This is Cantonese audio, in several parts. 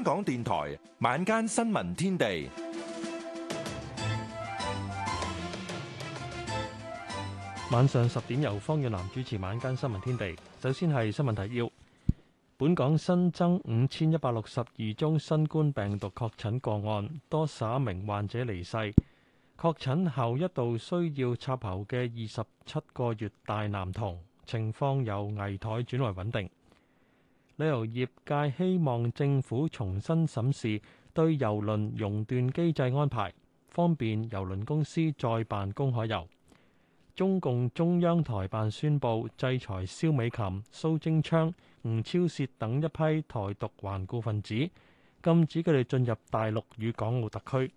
香港電台晚間新聞天地，晚上十點由方遠南主持晚間新聞天地。首先係新聞提要：本港新增五千一百六十二宗新冠病毒確診個案，多卅一名患者離世。確診後一度需要插喉嘅二十七個月大男童，情況由危殆轉為穩定。旅遊業界希望政府重新審視對郵輪熔斷機制安排，方便郵輪公司再辦公海遊。中共中央台辦宣布制裁蕭美琴、蘇貞昌、吳釗燮等一批台獨頑固分子，禁止佢哋進入大陸與港澳特區。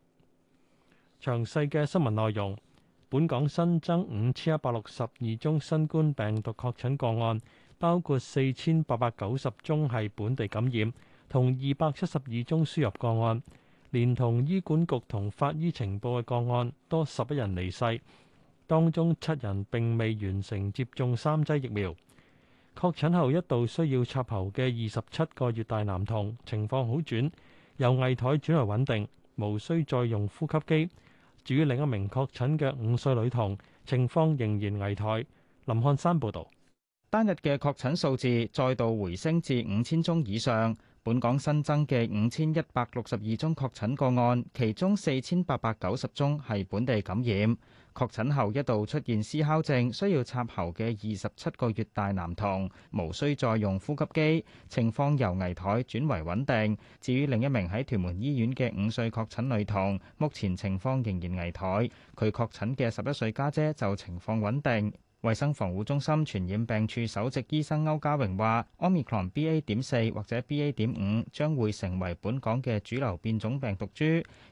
詳細嘅新聞內容，本港新增五千一百六十二宗新冠病毒確診個案。包括四千八百九十宗係本地感染，同二百七十二宗輸入個案，連同醫管局同法醫呈報嘅個案，多十一人離世。當中七人並未完成接種三劑疫苗。確診後一度需要插喉嘅二十七個月大男童情況好轉，由危殆轉為穩定，無需再用呼吸機。至於另一名確診嘅五歲女童，情況仍然危殆。林漢山報導。單日嘅確診數字再度回升至五千宗以上，本港新增嘅五千一百六十二宗確診個案，其中四千八百九十宗係本地感染。確診後一度出現嘶哮症，需要插喉嘅二十七個月大男童，無需再用呼吸機，情況由危殆轉為穩定。至於另一名喺屯門醫院嘅五歲確診女童，目前情況仍然危殆。佢確診嘅十一歲家姐就情況穩定。衛生防護中心傳染病處首席醫生歐家榮話：OmicronBA.4 或者 BA.5 將會成為本港嘅主流變種病毒株，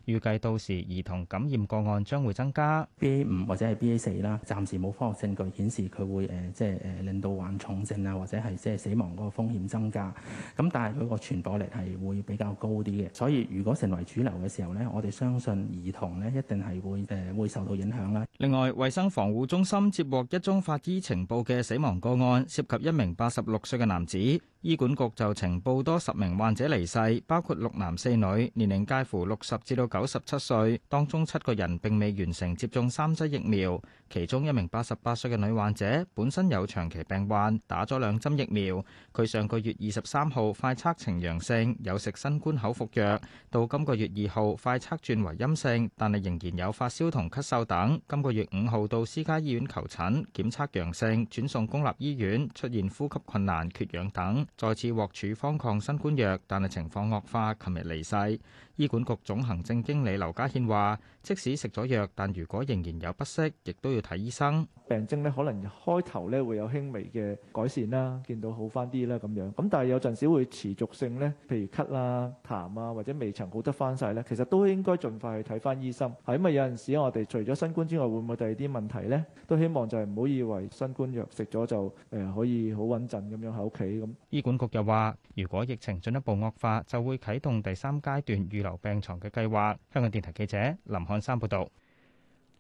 預計到時兒童感染個案將會增加。BA. 五或者係 BA. 四啦，暫時冇科學證據顯示佢會誒，即係誒令到患重症啊，或者係即係死亡嗰個風險增加。咁但係佢個傳播力係會比較高啲嘅，所以如果成為主流嘅時候咧，我哋相信兒童咧一定係會誒會受到影響啦。另外，衛生防護中心接獲一宗。法醫情報嘅死亡個案，涉及一名八十六歲嘅男子。醫管局就呈報多十名患者離世，包括六男四女，年齡介乎六十至到九十七歲。當中七個人並未完成接種三劑疫苗。其中一名八十八歲嘅女患者本身有長期病患，打咗兩針疫苗。佢上個月二十三號快測呈陽性，有食新冠口服藥，到今個月二號快測轉為陰性，但係仍然有發燒同咳嗽等。今個月五號到私家醫院求診，檢測陽性，轉送公立醫院，出現呼吸困難、缺氧等。再次獲處方抗新冠藥，但係情況惡化，琴日離世。醫管局總行政經理劉家獻話，即使食咗藥，但如果仍然有不適，亦都要睇醫生。病徵咧可能開頭咧會有輕微嘅改善啦，見到好翻啲啦咁樣，咁但係有陣時會持續性咧，譬如咳啊、痰啊或者未曾好得翻晒咧，其實都應該盡快去睇翻醫生，係因為有陣時我哋除咗新冠之外，會唔會第二啲問題咧？都希望就係唔好以為新冠藥食咗就誒可以好穩陣咁樣喺屋企咁。醫管局又話，如果疫情進一步惡化，就會啟動第三階段預留。病床嘅計劃。香港電台記者林漢山報道。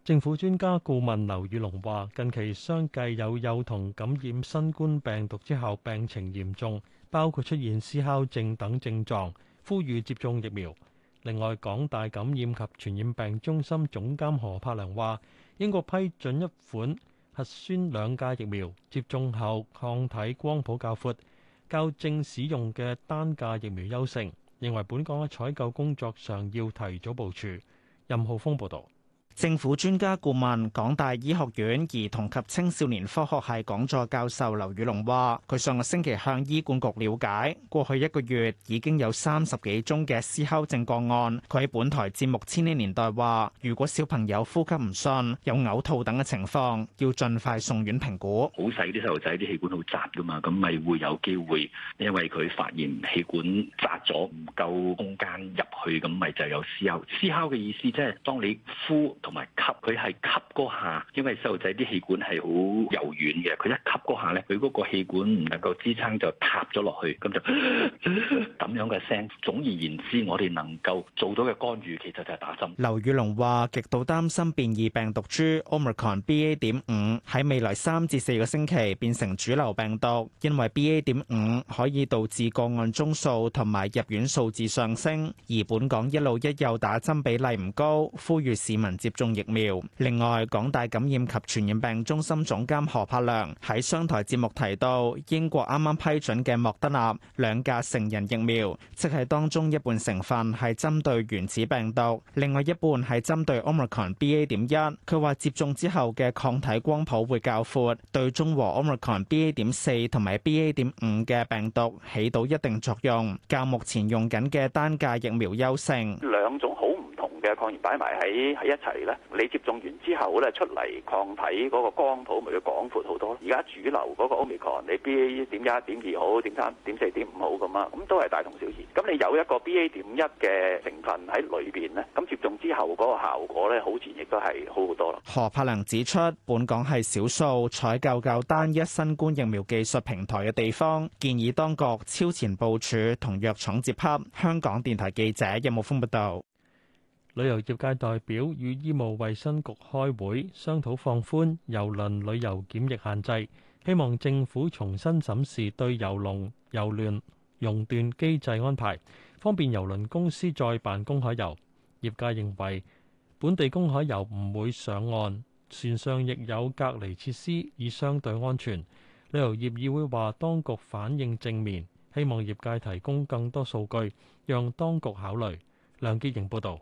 政府專家顧問劉宇龍話近期相繼有幼童感染新冠病毒之後病情嚴重，包括出現思考症等症狀，呼籲接種疫苗。另外，港大感染及傳染病中心總監何柏良話英國批准一款核酸兩價疫苗，接種後抗體光譜較闊較，較正使用嘅單價疫苗優勝。認為本港喺採購工作上要提早部署。任浩峰報導。政府專家顧問、港大醫學院兒童及青少年科學系講座教授劉宇龍話，佢上個星期向醫管局了解，過去一個月已經有三十幾宗嘅撕喉症個案。佢喺本台節目《千禧年代》話，如果小朋友呼吸唔順、有嘔吐等嘅情況，要盡快送院評估。好細啲細路仔啲氣管好窄㗎嘛，咁咪會有機會，因為佢發現氣管窄咗唔夠空間入去，咁咪就有撕喉。撕喉嘅意思即係當你呼，同埋吸，佢係吸嗰下，因為細路仔啲氣管係好柔軟嘅，佢一吸嗰下咧，佢嗰個氣管唔能夠支撐就塌咗落去，咁就咁樣嘅聲，總而言之，我哋能夠做到嘅干預其實就係打針。劉宇龍話極度擔心變異病毒株 Omicron BA. 點五喺未來三至四個星期變成主流病毒，因為 BA. 點五可以導致個案宗數同埋入院數字上升，而本港一路一幼打針比例唔高，呼籲市民接。接種疫苗。另外，港大感染及傳染病中心總監何柏良喺商台節目提到，英國啱啱批准嘅莫德納兩價成人疫苗，即係當中一半成分係針對原始病毒，另外一半係針對奧密克戎 BA. 點一。佢話接種之後嘅抗體光譜會較闊，對中和奧密克戎 BA. 點四同埋 BA. 點五嘅病毒起到一定作用，較目前用緊嘅單價疫苗優勝。兩種好。嘅抗原擺埋喺喺一齊咧，你接種完之後咧出嚟抗體嗰個光譜咪要廣闊好多。而家主流嗰個 Omicron，你 B A 點一、點二好、點三、點四、點五好咁啊，咁都係大同小異。咁你有一個 B A 點一嘅成分喺裏邊咧，咁接種之後嗰個效果咧，好似亦都係好好多啦。何柏良指出，本港係少數採購較單一新冠疫苗技術平台嘅地方，建議當局超前部署同藥廠接洽。香港電台記者任慕峯報道。旅遊業界代表與醫務衛生局開會商討放寬郵輪旅遊檢疫限制，希望政府重新審視對郵龍郵聯熔斷機制安排，方便郵輪公司再辦公海遊。業界認為本地公海遊唔會上岸，船上亦有隔離設施，以相對安全。旅遊業議會話，當局反應正面，希望業界提供更多數據，讓當局考慮。梁潔瑩報道。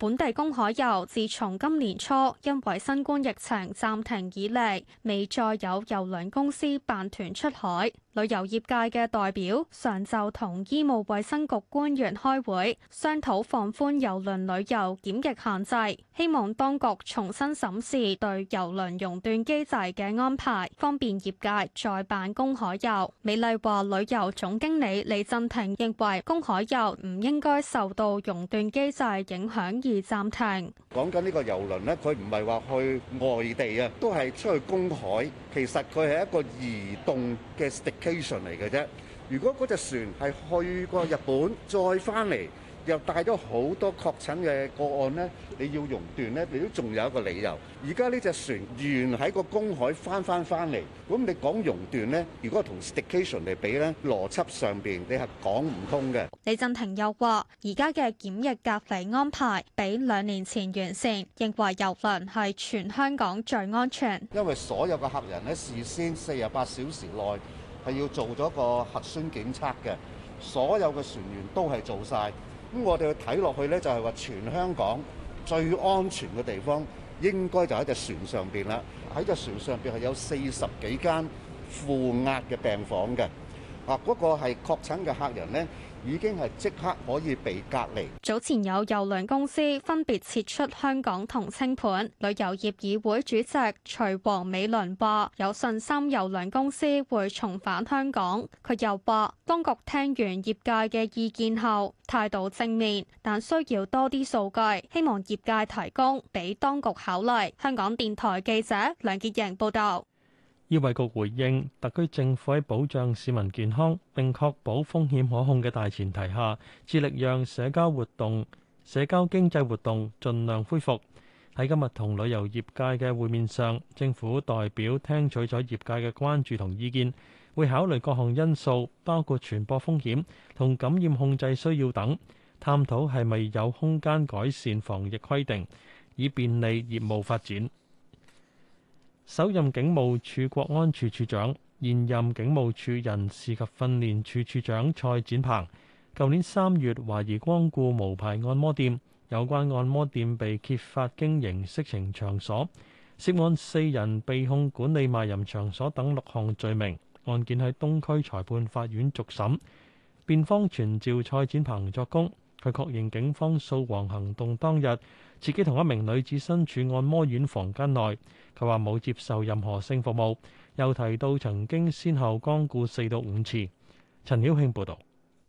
本地公海遊自從今年初因為新冠疫情暫停以嚟，未再有郵輪公司辦團出海。旅遊業界嘅代表上晝同醫務衛生局官員開會，商討放寬郵輪旅遊檢疫限制，希望當局重新審視對郵輪熔斷機制嘅安排，方便業界再辦公海遊。美麗華，旅遊總經理李振廷認為，公海遊唔應該受到熔斷機制影響而暫停。講緊呢個郵輪呢，佢唔係話去外地啊，都係出去公海。其實佢係一個移動嘅。嚟嘅啫。如果嗰隻船係去過日本再翻嚟，又帶咗好多確診嘅個案咧，你要熔斷呢？你都仲有一個理由。而家呢隻船原喺個公海翻翻翻嚟，咁你講熔斷呢？如果同 station 嚟比呢，邏輯上邊你係講唔通嘅。李振廷又話：而家嘅檢疫隔離安排比兩年前完善，認為郵輪係全香港最安全，因為所有嘅客人咧事先四十八小時內。係要做咗個核酸檢測嘅，所有嘅船員都係做晒。咁我哋去睇落去咧，就係話全香港最安全嘅地方，應該就喺隻船上邊啦。喺隻船上邊係有四十幾間負壓嘅病房嘅。啊，嗰個係確診嘅客人咧。已經係即刻可以被隔離。早前有郵輪公司分別撤出香港同清盤。旅遊業議會主席徐王美倫話：有信心郵輪公司會重返香港。佢又話：當局聽完業界嘅意見後，態度正面，但需要多啲數據，希望業界提供俾當局考慮。香港電台記者梁潔瑩報導。醫衛局回應，特區政府喺保障市民健康並確保風險可控嘅大前提下，致力讓社交活動、社交經濟活動盡量恢復。喺今日同旅遊業界嘅會面上，政府代表聽取咗業界嘅關注同意見，會考慮各項因素，包括傳播風險同感染控制需要等，探討係咪有空間改善防疫規定，以便利業務發展。首任警務處國安處處長，現任警務處人事及訓練處處長蔡展鵬，舊年三月懷疑光顧無牌按摩店，有關按摩店被揭發經營色情場所，涉案四人被控管理賣淫場所等六項罪名。案件喺東區裁判法院續審，辯方傳召蔡展鵬作供，佢確認警方掃黃行動當日自己同一名女子身處按摩院房間內。佢話冇接受任何性服務，又提到曾經先後光顧四到五次。陳曉慶報導，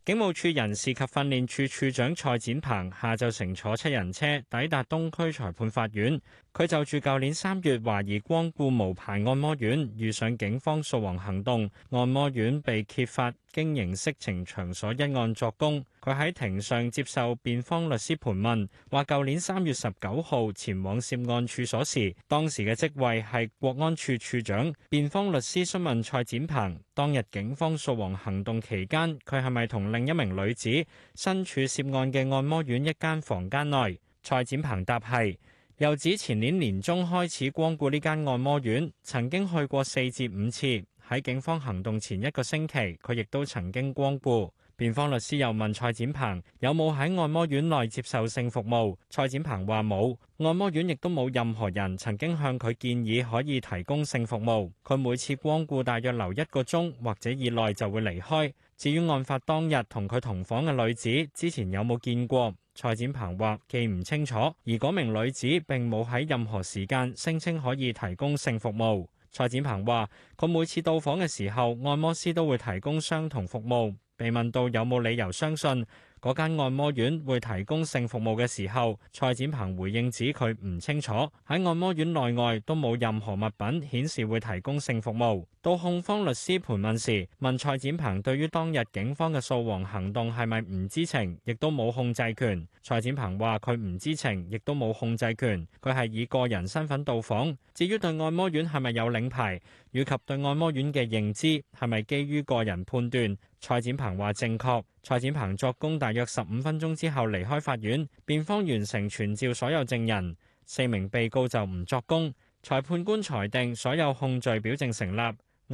警務處人事及訓練處處長蔡展鵬下晝乘坐七人車抵達東區裁判法院。佢就住舊年三月，懷疑光顧無牌按摩院，遇上警方掃黃行動，按摩院被揭發經營色情場所一案作供。佢喺庭上接受辯方律師盤問，話舊年三月十九號前往涉案處所時，當時嘅職位係國安處處長。辯方律師詢問蔡展鵬，當日警方掃黃行動期間，佢係咪同另一名女子身處涉案嘅按摩院一間房間內？蔡展鵬答係。又指前年年中開始光顧呢間按摩院，曾經去過四至五次。喺警方行動前一個星期，佢亦都曾經光顧。辯方律師又問蔡展鵬有冇喺按摩院內接受性服務。蔡展鵬話冇，按摩院亦都冇任何人曾經向佢建議可以提供性服務。佢每次光顧大約留一個鐘或者以內就會離開。至於案發當日同佢同房嘅女子，之前有冇見過？蔡展鵬話：記唔清楚，而嗰名女子並冇喺任何時間聲稱可以提供性服務。蔡展鵬話：佢每次到訪嘅時候，按摩師都會提供相同服務。被問到有冇理由相信嗰間按摩院會提供性服務嘅時候，蔡展鵬回應指佢唔清楚，喺按摩院內外都冇任何物品顯示會提供性服務。到控方律師盤問時，問蔡展鵬對於當日警方嘅掃黃行動係咪唔知情，亦都冇控制權。蔡展鵬話佢唔知情，亦都冇控制權，佢係以個人身份到訪。至於對按摩院係咪有領牌，以及對按摩院嘅認知係咪基於個人判斷。蔡展鵬話：正確。蔡展鵬作供大約十五分鐘之後離開法院，辯方完成傳召所有證人，四名被告就唔作供。裁判官裁定所有控罪表證成立，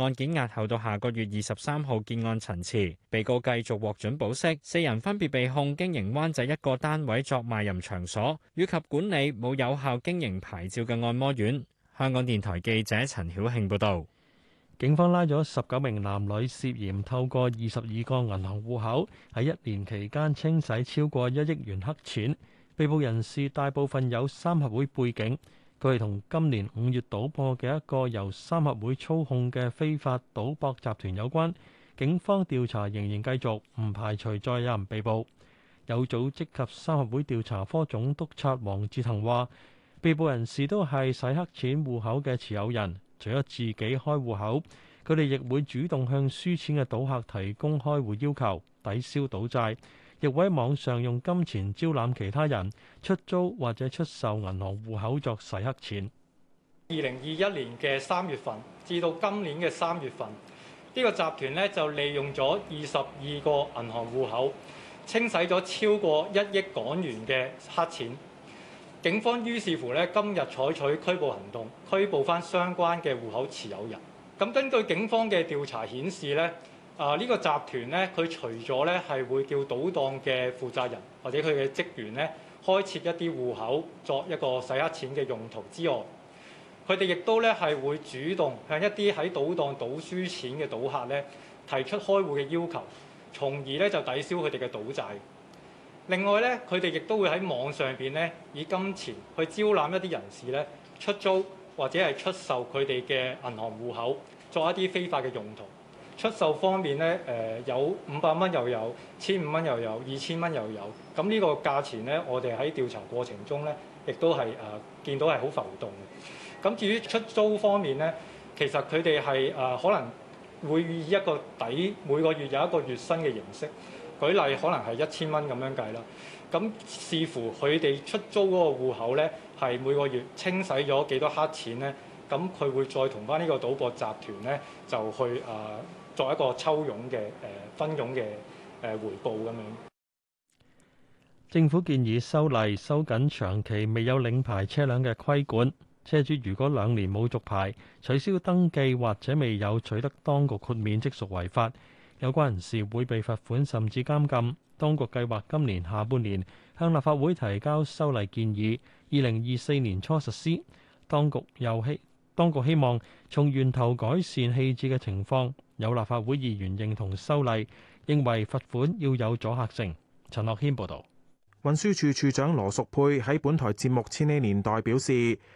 案件押後到下個月二十三號結案陳詞。被告繼續獲准保釋，四人分別被控經營灣仔一個單位作賣淫場所，與及管理冇有，有效經營牌照嘅按摩院。香港電台記者陳曉慶報道。警方拉咗十九名男女涉嫌透過二十二個銀行戶口，喺一年期間清洗超過一億元黑錢，被捕人士大部分有三合會背景，佢係同今年五月搗破嘅一個由三合會操控嘅非法賭博集團有關。警方調查仍然繼續，唔排除再有人被捕。有組織及三合會調查科總督察黃志騰話，被捕人士都係洗黑錢戶口嘅持有人。除咗自己開戶口，佢哋亦會主動向輸錢嘅賭客提供開戶要求，抵消賭債，亦會喺網上用金錢招攬其他人出租或者出售銀行戶口作洗黑錢。二零二一年嘅三月份至到今年嘅三月份，呢個集團呢就利用咗二十二個銀行戶口，清洗咗超過一億港元嘅黑錢。警方於是乎咧，今日採取拘捕行動，拘捕翻相關嘅戶口持有人。咁根據警方嘅調查顯示咧，啊呢個集團咧，佢除咗咧係會叫賭檔嘅負責人或者佢嘅職員咧開設一啲戶口作一個洗黑錢嘅用途之外，佢哋亦都咧係會主動向一啲喺賭檔賭輸錢嘅賭客咧提出開戶嘅要求，從而咧就抵消佢哋嘅賭債。另外咧，佢哋亦都會喺網上面咧，以金錢去招攬一啲人士咧出租或者係出售佢哋嘅銀行戶口，作一啲非法嘅用途。出售方面咧，誒有五百蚊又有，千五蚊又有，二千蚊又有。咁、嗯這個、呢個價錢咧，我哋喺調查過程中咧，亦都係誒、啊、見到係好浮動嘅。咁、嗯、至於出租方面咧，其實佢哋係誒可能會以一個底每個月有一個月薪嘅形式。舉例可能係一千蚊咁樣計啦，咁視乎佢哋出租嗰個戶口呢，係每個月清洗咗幾多黑錢呢？咁佢會再同翻呢個賭博集團呢，就去啊作一個抽傭嘅誒分傭嘅誒回報咁樣。政府建議修例收緊長期未有領牌車輛嘅規管，車主如果兩年冇續牌、取消登記或者未有取得當局豁免，即屬違法。有關人士會被罰款甚至監禁。當局計劃今年下半年向立法會提交修例建議，二零二四年初實施。當局又希當局希望從源頭改善棄置嘅情況。有立法會議員認同修例，認為罰款要有阻嚇性。陳樂軒報導。運輸署署長羅淑佩喺本台節目《千禧年代》表示，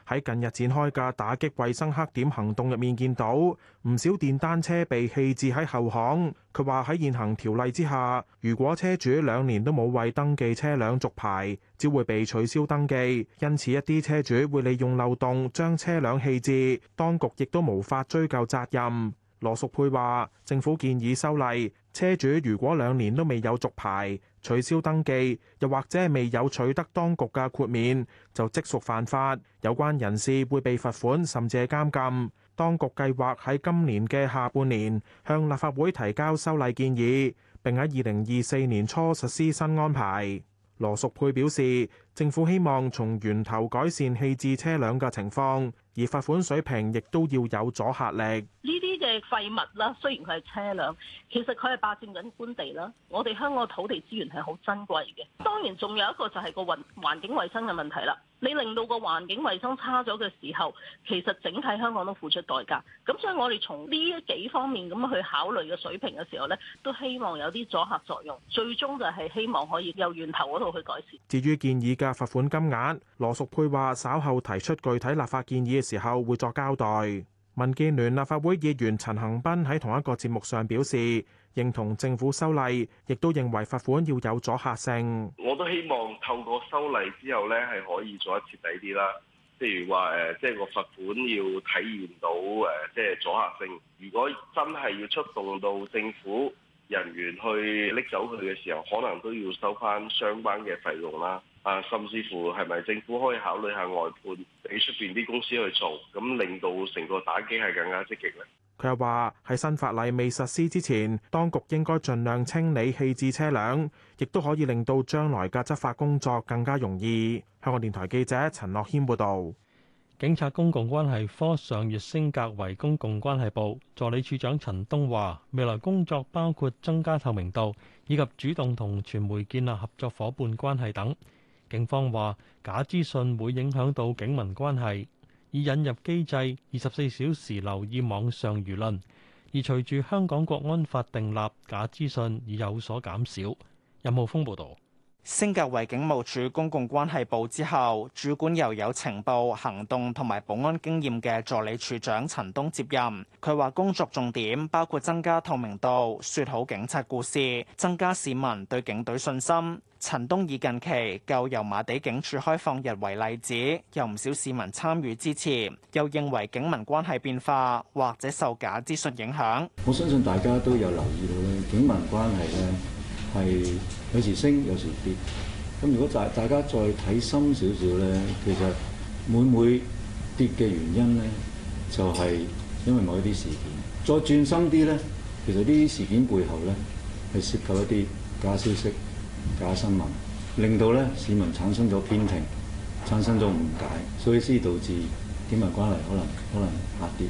喺近日展開嘅打擊衛生黑點行動入面見到唔少電單車被棄置喺後巷。佢話喺現行條例之下，如果車主兩年都冇為登記車輛續牌，只會被取消登記。因此一啲車主會利用漏洞將車輛棄置，當局亦都無法追究責任。羅淑佩話，政府建議修例，車主如果兩年都未有續牌，取消登記，又或者未有取得當局嘅豁免，就即屬犯法。有關人士會被罰款，甚至監禁。當局計劃喺今年嘅下半年向立法會提交修例建議，並喺二零二四年初實施新安排。羅淑佩表示，政府希望從源頭改善棄置車輛嘅情況。而罰款水平亦都要有阻吓力。呢啲嘅廢物啦，雖然佢係車輛，其實，佢係霸佔緊官地啦。我哋香港土地資源係好珍貴嘅。當然仲有一個就係個環、環境衛生嘅問題啦。你令到個環境衛生差咗嘅時候，其實整體香港都付出代價，咁所以我哋從呢一幾方面咁去考慮嘅水平嘅時候咧，都希望有啲阻吓作用。最終就係希望可以由源頭嗰度去改善。至於建議嘅罰款金額，羅淑佩話稍後提出具體立法建議。時候會作交代。民建聯立法會議員陳恒鑌喺同一個節目上表示，認同政府修例，亦都認為罰款要有阻嚇性。我都希望透過修例之後咧，係可以做得徹底啲啦。譬如話誒，即係個罰款要體現到誒，即係阻嚇性。如果真係要出動到政府人員去拎走佢嘅時候，可能都要收翻相關嘅費用啦。啊，甚至乎係咪政府可以考慮下外判俾出邊啲公司去做，咁令到成個打擊係更加積極咧？佢又話，喺新法例未實施之前，當局應該盡量清理棄置車輛，亦都可以令到將來嘅執法工作更加容易。香港電台記者陳樂謙報道。警察公共關係科上月升格為公共關係部，助理處長陳東華，未來工作包括增加透明度，以及主動同傳媒建立合作夥伴關係等。警方話假資訊會影響到警民關係，已引入機制二十四小時留意網上輿論，而隨住香港國安法訂立，假資訊已有所減少。任浩峯報導。升格為警務處公共關係部之後，主管又有情報行動同埋保安經驗嘅助理處長陳東接任。佢話工作重點包括增加透明度、説好警察故事、增加市民對警隊信心。陳東以近期舊油麻地警署開放日為例子，有唔少市民參與支持，又認為警民關係變化或者受假資訊影響。我相信大家都有留意到咧，警民關係咧。係有時升有時跌，咁如果大大家再睇深少少咧，其實每每跌嘅原因咧，就係因為某一啲事件。再轉深啲咧，其實啲事件背後咧係涉及一啲假消息、假新聞，令到咧市民產生咗偏聽、產生咗誤解，所以先導致警民關係可能可能下跌。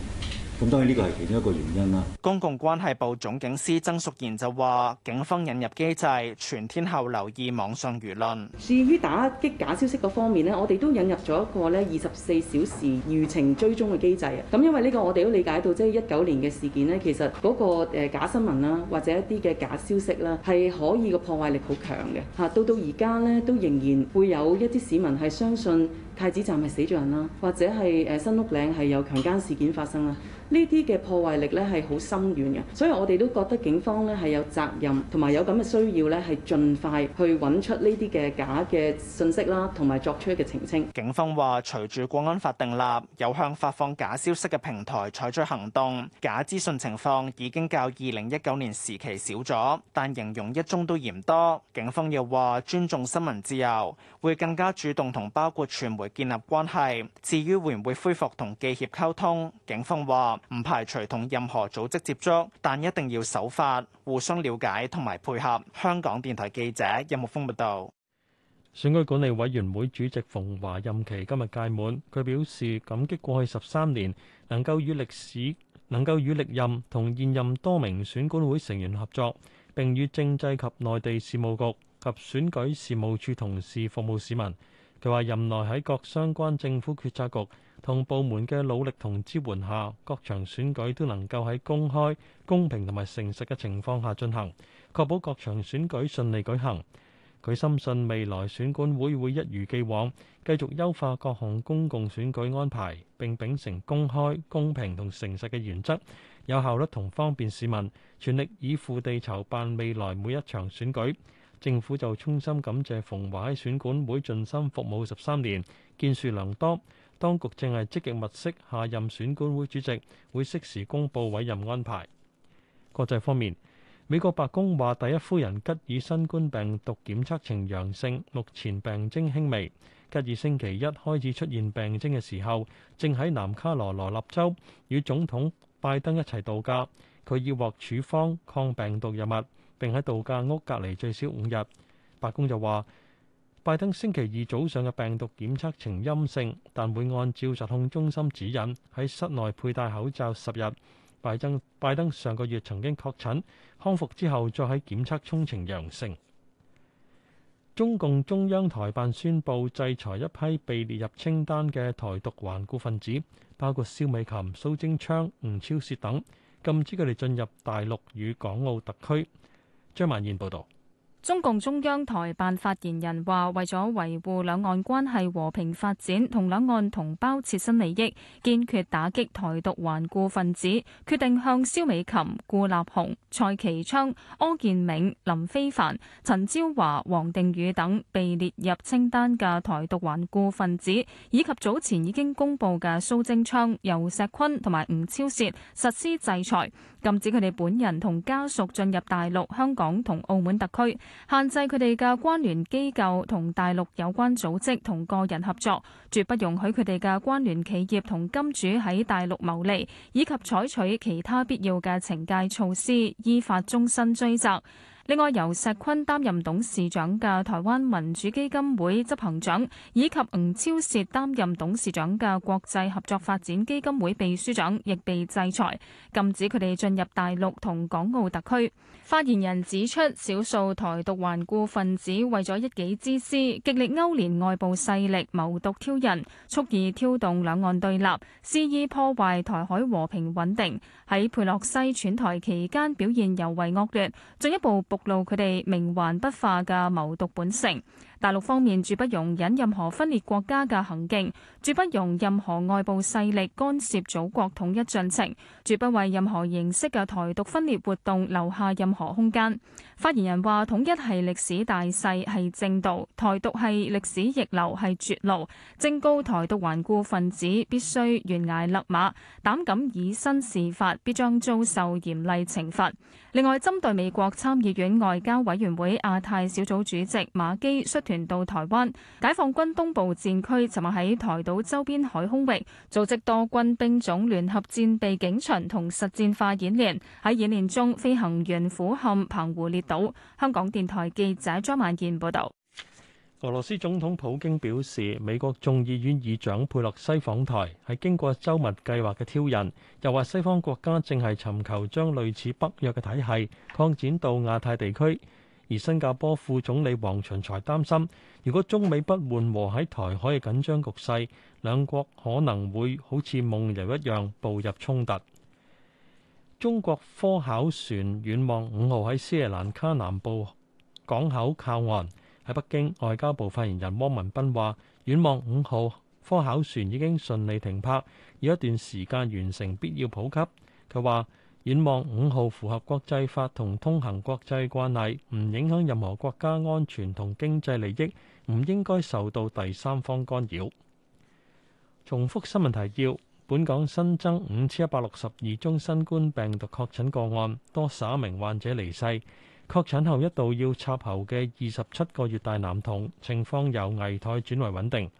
咁當然呢個係其中一個原因啦。公共關係部總警司曾淑賢就話：警方引入機制，全天候留意網上輿論。至於打擊假消息個方面呢，我哋都引入咗一個咧，二十四小時輿情追蹤嘅機制啊。咁因為呢個我哋都理解到，即係一九年嘅事件呢，其實嗰個假新聞啦，或者一啲嘅假消息啦，係可以個破壞力好強嘅嚇。到到而家呢，都仍然會有一啲市民係相信，太子站係死咗人啦，或者係誒新屋嶺係有強姦事件發生啦，呢啲嘅破壞力咧係好深遠嘅，所以我哋都覺得警方咧係有責任，同埋有咁嘅需要咧係盡快去揾出呢啲嘅假嘅信息啦，同埋作出嘅澄清。警方話隨住《國安法》定立，有向發放假消息嘅平台採取行動，假資訊情況已經較二零一九年時期少咗，但形容一宗都嫌多。警方又話，尊重新聞自由，會更加主動同包括傳媒建立關係，至於會唔會恢復同記協溝通，警方話唔排除同任何組織接觸，但一定要守法，互相了解同埋配合。香港電台記者任木峰報道。選舉管理委員會主席馮華任期今日屆滿，佢表示感激過去十三年能夠與歷史，能夠與歷任同現任多名選管會成員合作，並與政制及內地事務局及選舉事務處同事服務市民。佢話：任內喺各相關政府決策局同部門嘅努力同支援下，各場選舉都能夠喺公開、公平同埋誠實嘅情況下進行，確保各場選舉順利舉行。佢深信未來選管會會一如既往，繼續優化各項公共選舉安排，並秉承公開、公平同誠實嘅原則，有效率同方便市民，全力以赴地籌辦未來每一場選舉。政府就衷心感謝馮華喺選管會盡心服務十三年，建樹良多。當局正係積極物色下任選管會主席，會適時公佈委任安排。國際方面，美國白宮話，第一夫人吉爾新冠病毒檢測呈陽性，目前病徵輕微。吉爾星期一開始出現病徵嘅時候，正喺南卡羅來納州與總統拜登一齊度假，佢要獲處方抗病毒藥物。並喺度假屋隔離最少五日。白宮就話，拜登星期二早上嘅病毒檢測呈陰性，但會按照疾控中心指引喺室內佩戴口罩十日。拜登拜登上個月曾經確診，康復之後再喺檢測中呈陽性。中共中央台辦宣布制裁一批被列入清單嘅台獨頑固分子，包括蕭美琴、蘇貞昌、吳超雪等，禁止佢哋進入大陸與港澳特區。張萬燕報道。中共中央台辦發言人話：為咗維護兩岸關係和平發展同兩岸同胞切身利益，堅決打擊台獨頑固分子，決定向蕭美琴、顧立雄、蔡其昌、柯建銘、林飛帆、陳昭華、王定宇等被列入清單嘅台獨頑固分子，以及早前已經公布嘅蘇貞昌、游錫堃同埋吳釗燮實施制裁，禁止佢哋本人同家屬進入大陸、香港同澳門特區。限制佢哋嘅關聯機構同大陸有關組織同個人合作，絕不容許佢哋嘅關聯企業同金主喺大陸牟利，以及採取其他必要嘅懲戒措施，依法終身追責。另外，由石坤擔任董事長嘅台灣民主基金會執行長，以及吳釗燮擔任董事長嘅國際合作發展基金會秘書長，亦被制裁，禁止佢哋進入大陸同港澳特區。發言人指出，少數台獨頑固分子為咗一己之私，極力勾連外部勢力，謀獨挑釁，蓄意挑動兩岸對立，肆意破壞台海和平穩定。喺佩洛西訪台期間，表現尤為惡劣，進一步博露佢哋冥頑不化嘅謀獨本性。大陸方面絕不容忍任何分裂國家嘅行徑，絕不容任何外部勢力干涉祖國統一進程，絕不為任何形式嘅台獨分裂活動留下任何空間。發言人話，統一係歷史大勢係正道；台獨係歷史逆流，係絕路。正告台獨頑固分子必須懸崖勒馬，膽敢以身試法，必將遭受嚴厲懲罰。另外，針對美國參議院外交委員會亞太小組主席馬基率團到台灣，解放軍東部戰區尋日喺台島周邊海空域組織多軍兵種聯合戰備警巡同實戰化演練。喺演練中，飛行員俯瞰澎湖列島。香港電台記者張萬健報道。俄羅斯總統普京表示，美國眾議院議長佩洛西訪台係經過周密計劃嘅挑釁，又話西方國家正係尋求將類似北約嘅體系擴展到亞太地區。而新加坡副總理黃循財擔心，如果中美不緩和喺台海嘅緊張局勢，兩國可能會好似夢遊一樣步入衝突。中國科考船遠望五號喺斯里蘭卡南部港口靠岸。喺北京，外交部發言人汪文斌話，遠望五號科考船已經順利停泊，要一段時間完成必要普及。佢話遠望五號符合國際法同通行國際慣例，唔影響任何國家安全同經濟利益，唔應該受到第三方干擾。重複新聞提要：本港新增五千一百六十二宗新冠病毒確診個案，多十一名患者離世。確診後一度要插喉嘅二十七個月大男童情況由危殆轉為穩定。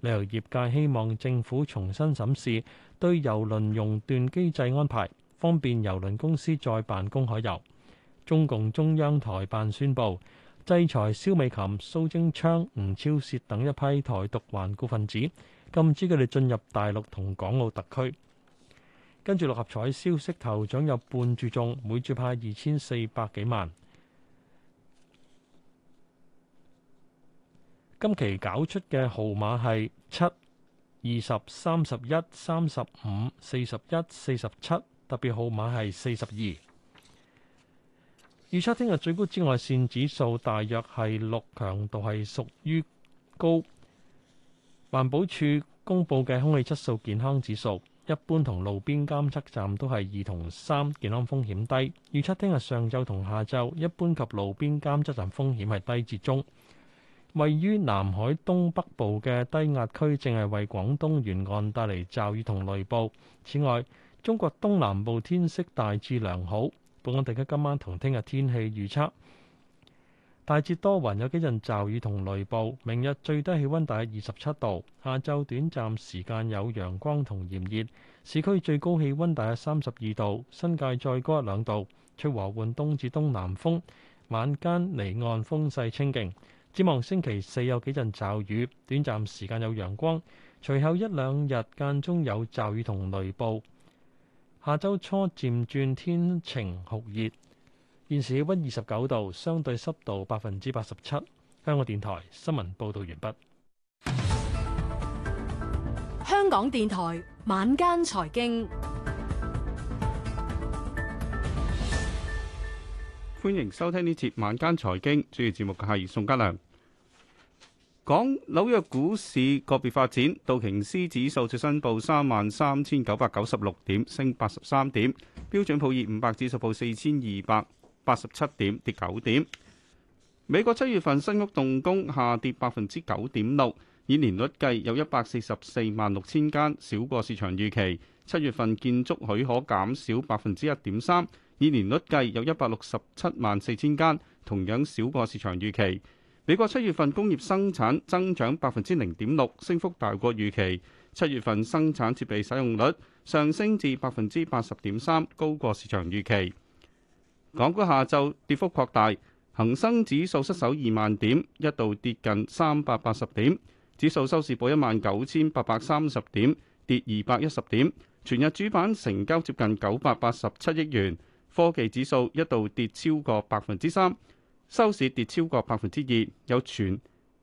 旅遊業界希望政府重新審視對郵輪熔斷機制安排，方便郵輪公司再辦公海遊。中共中央台辦宣布，制裁蕭美琴、蘇貞昌、吳釗燮等一批台獨頑固分子，禁止佢哋進入大陸同港澳特區。跟住六合彩消息，頭獎有半注中，每注派二千四百幾萬。今期搞出嘅號碼係七、二十、三十一、三十五、四十一、四十七，特別號碼係四十二。預測聽日最高紫外線指數大約係六，強度係屬於高。環保署公布嘅空氣質素健康指數。一般同路邊監測站都係二同三，健康風險低。預測聽日上晝同下晝，一般及路邊監測站風險係低至中。位於南海東北部嘅低壓區正係為廣東沿岸帶嚟驟雨同雷暴。此外，中國東南部天色大致良好。本港地區今晚同聽日天氣預測。大致多雲有幾陣驟雨同雷暴。明日最低氣溫大約二十七度，下晝短暫時間有陽光同炎熱，市區最高氣溫大約三十二度，新界再高一兩度。吹和緩東至東南風，晚間離岸風勢清勁，展望星期四有幾陣驟雨，短暫時間有陽光，隨後一兩日間中有驟雨同雷暴。下周初漸轉天晴酷熱。現時氣溫二十九度，相對濕度百分之八十七。香港電台新聞報道完畢。香港電台晚間財經，歡迎收聽呢節晚間財經，主要節目嘅係宋嘉良。講紐約股市個別發展，道瓊斯指數最新報三萬三千九百九十六點，升八十三點。標準普爾五百指數報四千二百，八十七點跌九點。美國七月份新屋動工下跌百分之九點六，以年率計有一百四十四萬六千間，少過市場預期。七月份建築許可減少百分之一點三，以年率計有一百六十七萬四千間，同樣少過市場預期。美國七月份工業生產增長百分之零點六，升幅大過預期。七月份生產設備使用率上升至百分之八十點三，高過市場預期。港股下晝跌幅擴大，恒生指數失守二萬點，一度跌近三百八十點，指數收市報一萬九千八百三十點，跌二百一十點。全日主板成交接近九百八十七億元，科技指數一度跌超過百分之三，收市跌超過百分之二。有傳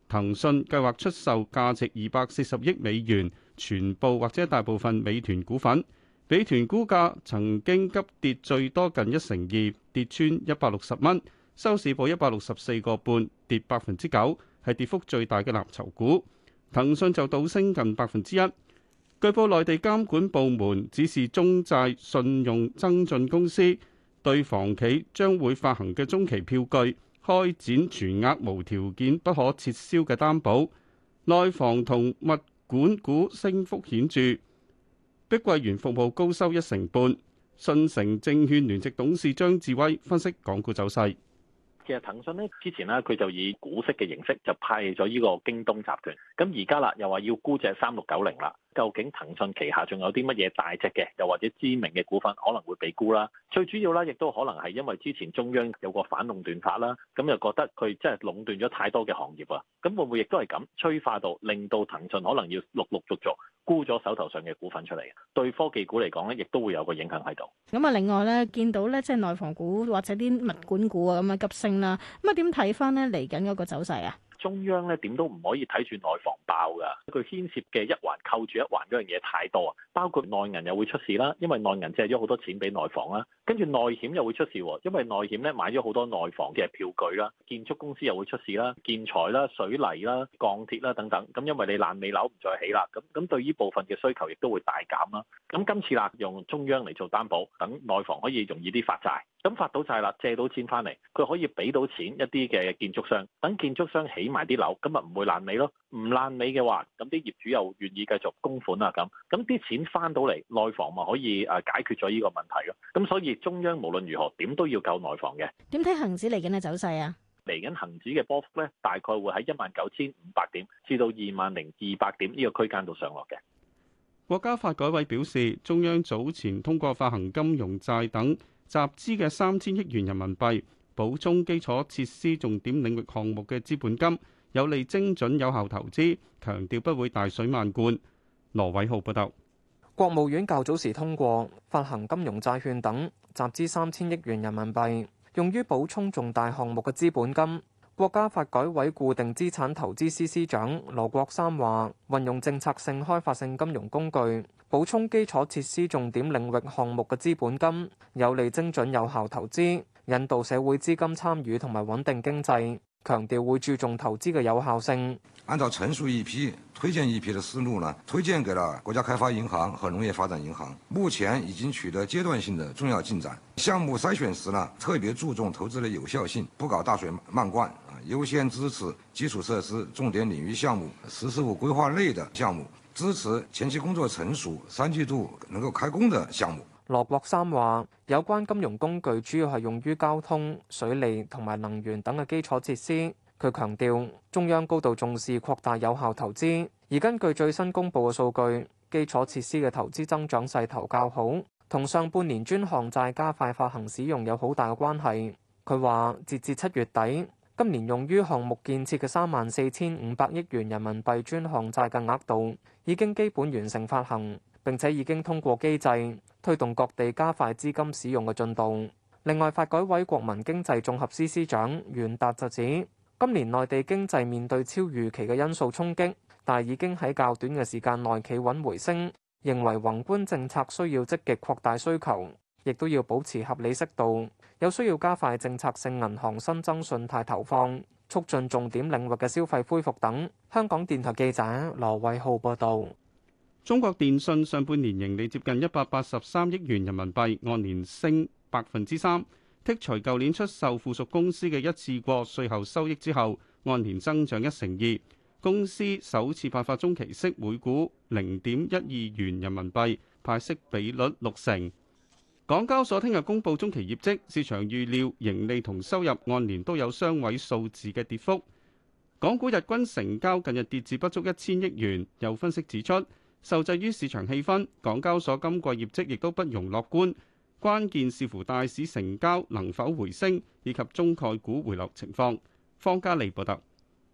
騰訊計劃出售價值二百四十億美元全部或者大部分美團股份。美團股價曾經急跌最多近一成二，跌穿一百六十蚊，收市報一百六十四個半，跌百分之九，係跌幅最大嘅藍籌股。騰訊就倒升近百分之一。據報內地監管部門指示中債信用增進公司對房企將會發行嘅中期票據開展全額無條件不可撤銷嘅擔保。內房同物管股升幅顯著。碧桂園服務高收一成半，信誠證券聯席董事張志威分析港股走勢。其實騰訊呢之前啦，佢就以股息嘅形式就派咗呢個京東集團，咁而家啦又話要沽隻三六九零啦。究竟騰訊旗下仲有啲乜嘢大隻嘅，又或者知名嘅股份可能會被沽啦？最主要啦，亦都可能係因為之前中央有個反壟斷法啦，咁又覺得佢即係壟斷咗太多嘅行業啊，咁會唔會亦都係咁催化到令到騰訊可能要陸陸續續沽咗手頭上嘅股份出嚟？對科技股嚟講咧，亦都會有個影響喺度。咁啊，另外咧，見到咧，即係內房股或者啲物管股啊咁啊急升啦，咁啊點睇翻咧嚟緊嗰個走勢啊？中央咧點都唔可以睇住內房爆㗎，佢牽涉嘅一環扣住一環嗰樣嘢太多啊，包括內銀又會出事啦，因為內銀借咗好多錢俾內房啦，跟住內險又會出事喎，因為內險咧買咗好多內房嘅票據啦，建築公司又會出事啦，建材啦、水泥啦、鋼鐵啦等等，咁因為你爛尾樓唔再起啦，咁咁對呢部分嘅需求亦都會大減啦，咁今次啦用中央嚟做擔保，等內房可以容易啲發債。咁發到債啦，借到錢翻嚟，佢可以俾到錢一啲嘅建築商，等建築商起埋啲樓，咁咪唔會爛尾咯。唔爛尾嘅話，咁啲業主又願意繼續供款啊。咁咁啲錢翻到嚟內房咪可以誒解決咗呢個問題咯。咁所以中央無論如何點都要救內房嘅。點睇恒指嚟緊嘅走勢啊？嚟緊恒指嘅波幅咧，大概會喺一萬九千五百點至到二萬零二百點呢個區間度上落嘅。國家發改委表示，中央早前通過發行金融債等。集資嘅三千億元人民幣補充基礎設施重點領域項目嘅資本金，有利精準有效投資。強調不會大水漫灌。羅偉浩報道，國務院較早時通過發行金融債券等集資三千億元人民幣，用於補充重大項目嘅資本金。國家發改委固定資產投資司司長羅國三話，運用政策性開發性金融工具。補充基礎設施重點領域項目嘅資本金，有利精準有效投資，引導社會資金參與同埋穩定經濟。強調會注重投資嘅有效性。按照成熟一批、推薦一批嘅思路呢，推薦給了國家開發銀行和農業發展銀行。目前已經取得階段性的重要進展。項目篩選時呢，特別注重投資嘅有效性，不搞大水漫灌啊，優先支持基礎設施重點領域項目、十四五規劃內的項目。支持前期工作成熟，三季度能夠開工的項目。羅國三話：有關金融工具主要係用於交通、水利同埋能源等嘅基礎設施。佢強調，中央高度重視擴大有效投資，而根據最新公布嘅數據，基礎設施嘅投資增長勢頭較好，同上半年專項債加快發行使用有好大嘅關係。佢話：截至七月底，今年用於項目建設嘅三萬四千五百億元人民幣專項債嘅額度。已經基本完成發行，並且已經通過機制推動各地加快資金使用嘅進度。另外，發改委國民經濟綜合司司長袁達就指，今年內地經濟面對超預期嘅因素衝擊，但已經喺較短嘅時間內企穩回升，認為宏觀政策需要積極擴大需求，亦都要保持合理適度，有需要加快政策性銀行新增信貸投放。促進重點領域嘅消費恢復等。香港電台記者羅偉浩報道。中國電信上半年盈利接近一百八十三億元人民幣，按年升百分之三。剔除舊年出售附屬公司嘅一次過稅後收益之後，按年增長一成二。公司首次派發中期息，每股零點一二元人民幣，派息比率六成。港交所聽日公布中期業績，市場預料盈利同收入按年都有雙位數字嘅跌幅。港股日均成交近日跌至不足一千億元，有分析指出，受制於市場氣氛，港交所今季業績亦都不容樂觀。關鍵視乎大市成交能否回升，以及中概股回落情況。方嘉利報道。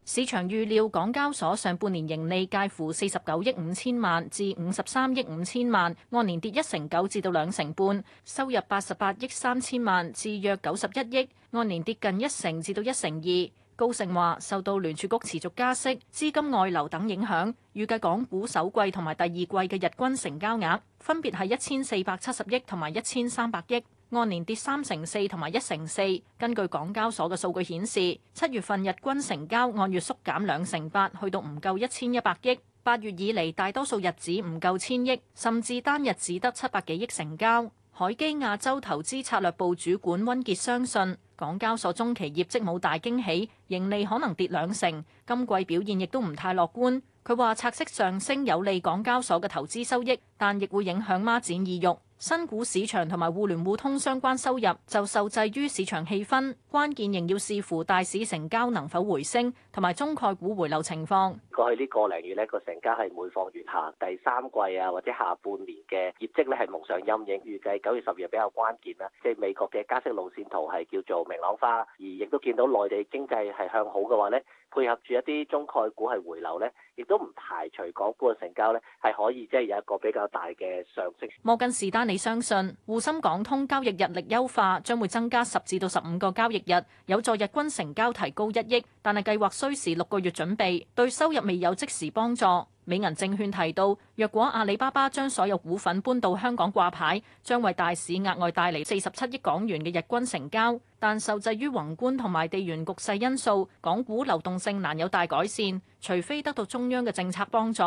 市場預料港交所上半年盈利介乎四十九億五千萬至五十三億五千萬，按年跌一成九至到兩成半；收入八十八億三千萬至約九十一億，按年跌近一成至到一成二。高盛話，受到聯儲局持續加息、資金外流等影響，預計港股首季同埋第二季嘅日均成交額分別係一千四百七十億同埋一千三百億。按年跌三成四同埋一成四。根據港交所嘅數據顯示，七月份日均成交按月縮減兩成八，去到唔夠一千一百億。八月以嚟大多數日子唔夠千億，甚至單日只得七百幾億成交。海基亞洲投資策略部主管溫傑相信，港交所中期業績冇大驚喜，盈利可能跌兩成，今季表現亦都唔太樂觀。佢話拆息上升有利港交所嘅投資收益，但亦會影響孖展意欲。新股市場同埋互聯互通相關收入就受制於市場氣氛，關鍵仍要視乎大市成交能否回升。同埋中概股回流情況過去呢個零月咧個成交係每況愈下，第三季啊或者下半年嘅業績咧係蒙上陰影。預計九月十二日比較關鍵啦，即係美國嘅加息路線圖係叫做明朗化，而亦都見到內地經濟係向好嘅話咧，配合住一啲中概股係回流咧，亦都唔排除港股嘅成交咧係可以即係有一個比較大嘅上升。摩根士丹利相信，滬深港通交易日曆優化將會增加十至到十五個交易日，有助日均成交提高一億，但係計劃。需時六個月準備，對收入未有即時幫助。美銀證券提到，若果阿里巴巴將所有股份搬到香港掛牌，將為大市額外帶嚟四十七億港元嘅日均成交。但受制於宏觀同埋地緣局勢因素，港股流動性難有大改善，除非得到中央嘅政策幫助。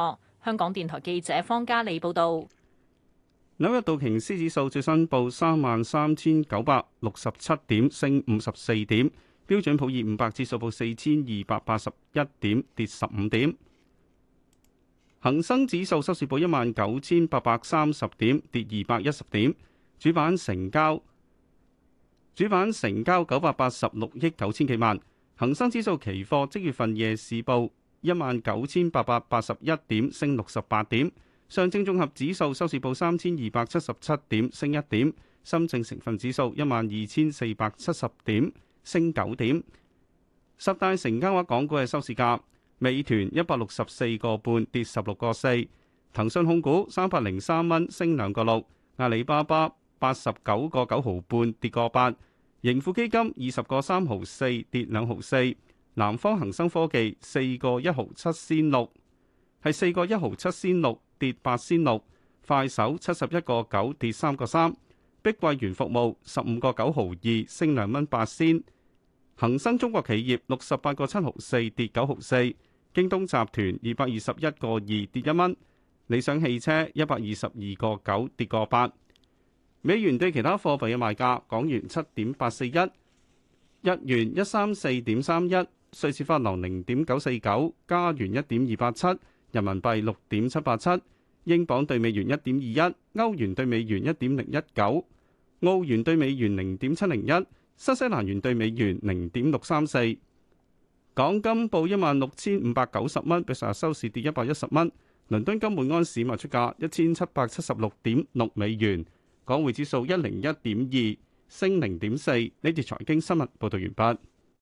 香港電台記者方嘉利報道。紐約道瓊斯指數最新報三萬三千九百六十七點，升五十四點。標準普爾五百指數報四千二百八十一點，跌十五點。恒生指數收市報一萬九千八百三十點，跌二百一十點。主板成交主板成交九百八十六億九千幾萬。恒生指數期貨即月份夜市報一萬九千八百八十一點，升六十八點。上證綜合指數收市報三千二百七十七點，升一點。深證成分指數一萬二千四百七十點。升九點，十大成交額港股嘅收市價：美團一百六十四個半跌十六個四，騰訊控股三百零三蚊升兩個六，阿里巴巴八十九個九毫半跌個八，盈富基金二十個三毫四跌兩毫四，南方恒生科技四個一毫七仙六，係四個一毫七仙六跌八仙六，快手七十一個九跌三個三，碧桂園服務十五個九毫二升兩蚊八仙。恒生中國企業六十八個七毫四跌九毫四，京東集團二百二十一個二跌一蚊，理想汽車一百二十二個九跌個八。美元對其他貨幣嘅賣價：港元七點八四一，日元一三四點三一，瑞士法郎零點九四九，加元一點二八七，人民幣六點七八七，英鎊對美元一點二一，歐元對美元一點零一九，澳元對美元零點七零一。新西蘭元兌美元零點六三四，港金報一萬六千五百九十蚊，比上日收市跌一百一十蚊。倫敦金每安士賣出價一千七百七十六點六美元，港匯指數一零一點二，升零點四。呢段財經新聞報道完畢。